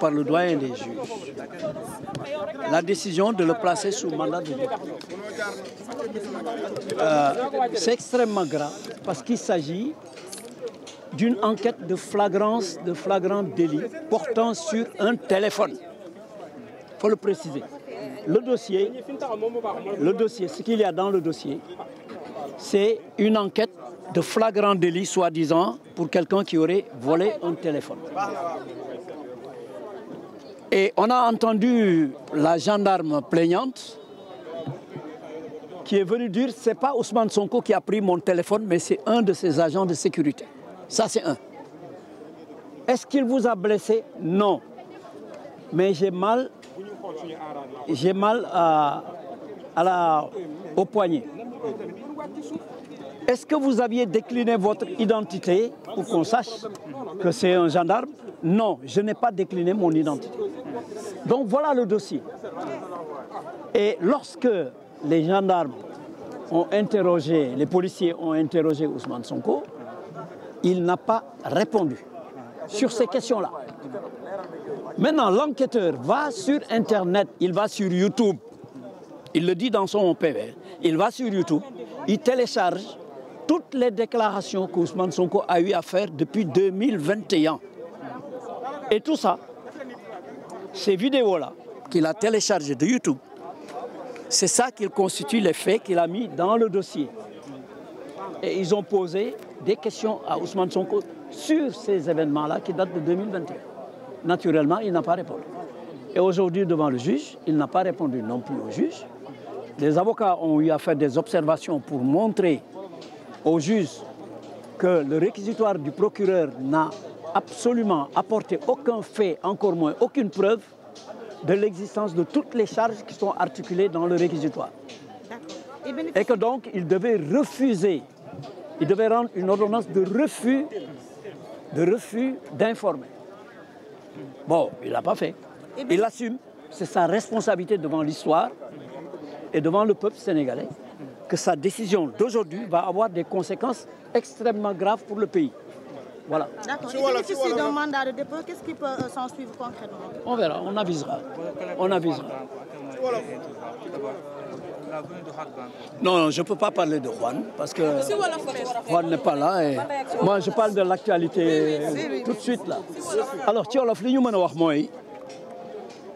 par le doyen des juges la décision de le placer sous mandat de dépôt euh, c'est extrêmement grave parce qu'il s'agit d'une enquête de flagrance de flagrant délit portant sur un téléphone faut le préciser le dossier le dossier dans le dossier c'est une enquête de flagrant délit soi-disant pour quelqu'un qui aurait volé un téléphone Et on a entendu la gendarme plaignante qui est venue dire c'est pas Ousmane Sonko qui a pris mon téléphone, mais c'est un de ses agents de sécurité. Ça, c'est un. Est-ce qu'il vous a blessé Non. Mais j'ai mal, j'ai mal à, à la, au poignet. Est-ce que vous aviez décliné votre identité pour qu'on sache que c'est un gendarme Non, je n'ai pas décliné mon identité. Donc voilà le dossier. Et lorsque les gendarmes ont interrogé, les policiers ont interrogé Ousmane Sonko, il n'a pas répondu sur ces questions-là. Maintenant, l'enquêteur va sur Internet, il va sur YouTube, il le dit dans son PV, il va sur YouTube, il télécharge toutes les déclarations qu'Ousmane Sonko a eu à faire depuis 2021. Et tout ça, ces vidéos-là qu'il a téléchargées de YouTube, c'est ça qui constitue les faits qu'il a mis dans le dossier. Et ils ont posé des questions à Ousmane Sonko sur ces événements-là qui datent de Naturellement, il n'a pas répondu. Et aujourd'hui, devant le juge, il n'a pas répondu non plus au juge. Les avocats ont eu à des observations pour montrer au juge que le réquisitoire du procureur absolument apporter aucun fait, encore moins aucune preuve de l'existence de toutes les charges qui sont articulées dans le réquisitoire. Et donc, il devait refuser, il devait rendre une ordonnance de refus, d'informer. Bon, il l'a pas fait. Il assume, c'est sa responsabilité devant l'histoire et devant le peuple sénégalais, que sa décision d'aujourd'hui va avoir des conséquences extrêmement graves pour le pays. Voilà. D'accord. Et si d'un mandat de dépôt, euh, On verra, on avisera. On avisera. Non, je ne peux pas parler de Juan parce que Juan n'est pas là et je parle de l'actualité tout de suite là. Alors ci wolof li ñu mën a wax mooy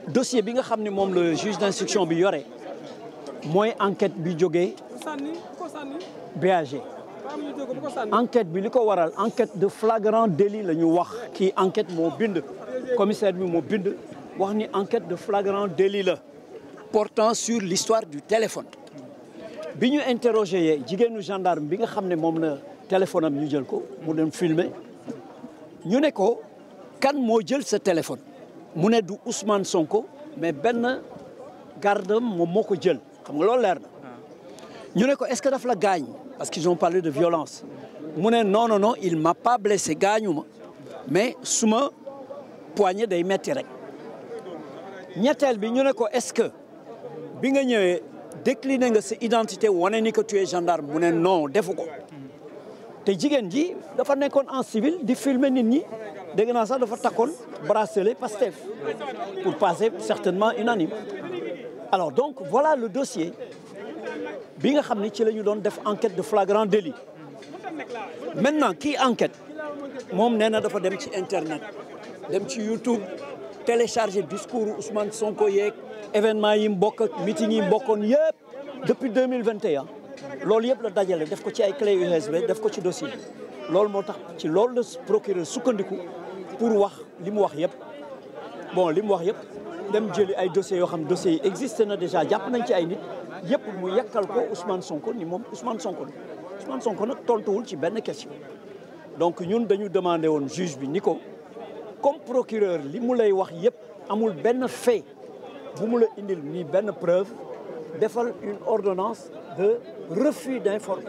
dossier bi nga xam ne moom le juge d'instruction bi yore mooy enquête bi jógee enquête bi li ko waral enquête de flagrant délit la ñu wax kii enquête moo bind commissaire bi moo bind wax ni enquête de flagrant délit la portant sur l'histoire du téléphone bi ñu interrogé yee jigéenu gendarme bi nga xam ne moom na téléphone am ñu jël ko mu dem filmer ñu ne ko kan moo jël sa téléphone mu ne du Ousmane Sonko mais benn gardam moom moo ko jël xam nga loolu leer na ñu ne ko est-ce que dafa la gaañ parce qu'ils ont parlé de violence mu ne non non non il m'a pas blessé gaañu ma mais su ma poignet day metti rek ñetteel bi ñu ne ko est-ce que bi nga ñëwee décline nga sa identité wane ni que tu es gendarme mu ne non defu ko te jigéen ji dafa nekkoon en civil di filmer nit ñi dégg naa sax dafa takkoon bracelet Pastef pour passer certainement unanime alors donc voilà le dossier bi nga xam ne ci la ñu doon def enquête de flagrant délit maintenant kii enquête moom nee na dafa dem ci internet dem ci YouTube télécharger discours Ousmane Sonko yeeg événement yi mu bokk ak meeting yi mu bokkoon yëpp depuis 2021 loolu yëpp la dajale def ko ci ay clé USB def ko ci dossier loolu moo tax ci loolu la procureur sukkandiku pour wax li mu wax yëpp bon li mu wax yëpp dem jëli ay dossiers yoo xam dossiers yi existé na déjà jàpp nañ ci ay nit yépp mu yàkkal ko Ousmane Sonko ni moom Ousmane Sonko la Ousmane Sonko nag tontuwul ci benn question donc ñun dañu demandé woon juge bi ni ko comme procureur li mu lay wax yëpp amul benn fait bu mu la indil ni benn preuve defal une ordonnance de refus d'informer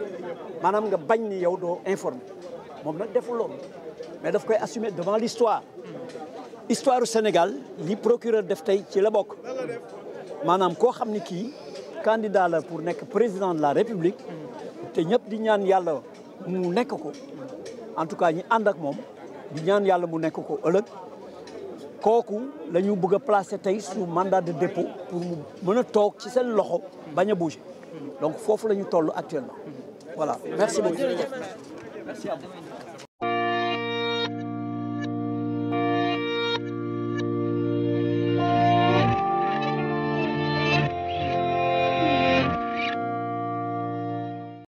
maanaam nga bañ ni yow doo informer moom nag deful loolu mais daf koy assumer devant l'histoire histoire du Sénégal li procureur def tey ci la bokk maanaam koo xam ni kii candidat la pour nekk président de la république te ñëpp di ñaan yàlla mu nekk ko en tout cas ñi ànd ak moom di ñaan yàlla mu nekk ko ëllëg kooku la ñu bëgg a placer tey sous mandat de dépôt pour mu mën a toog ci seen loxo bañ a bouger donc foofu la ñu toll actuellement voilà merci beaucoup merci à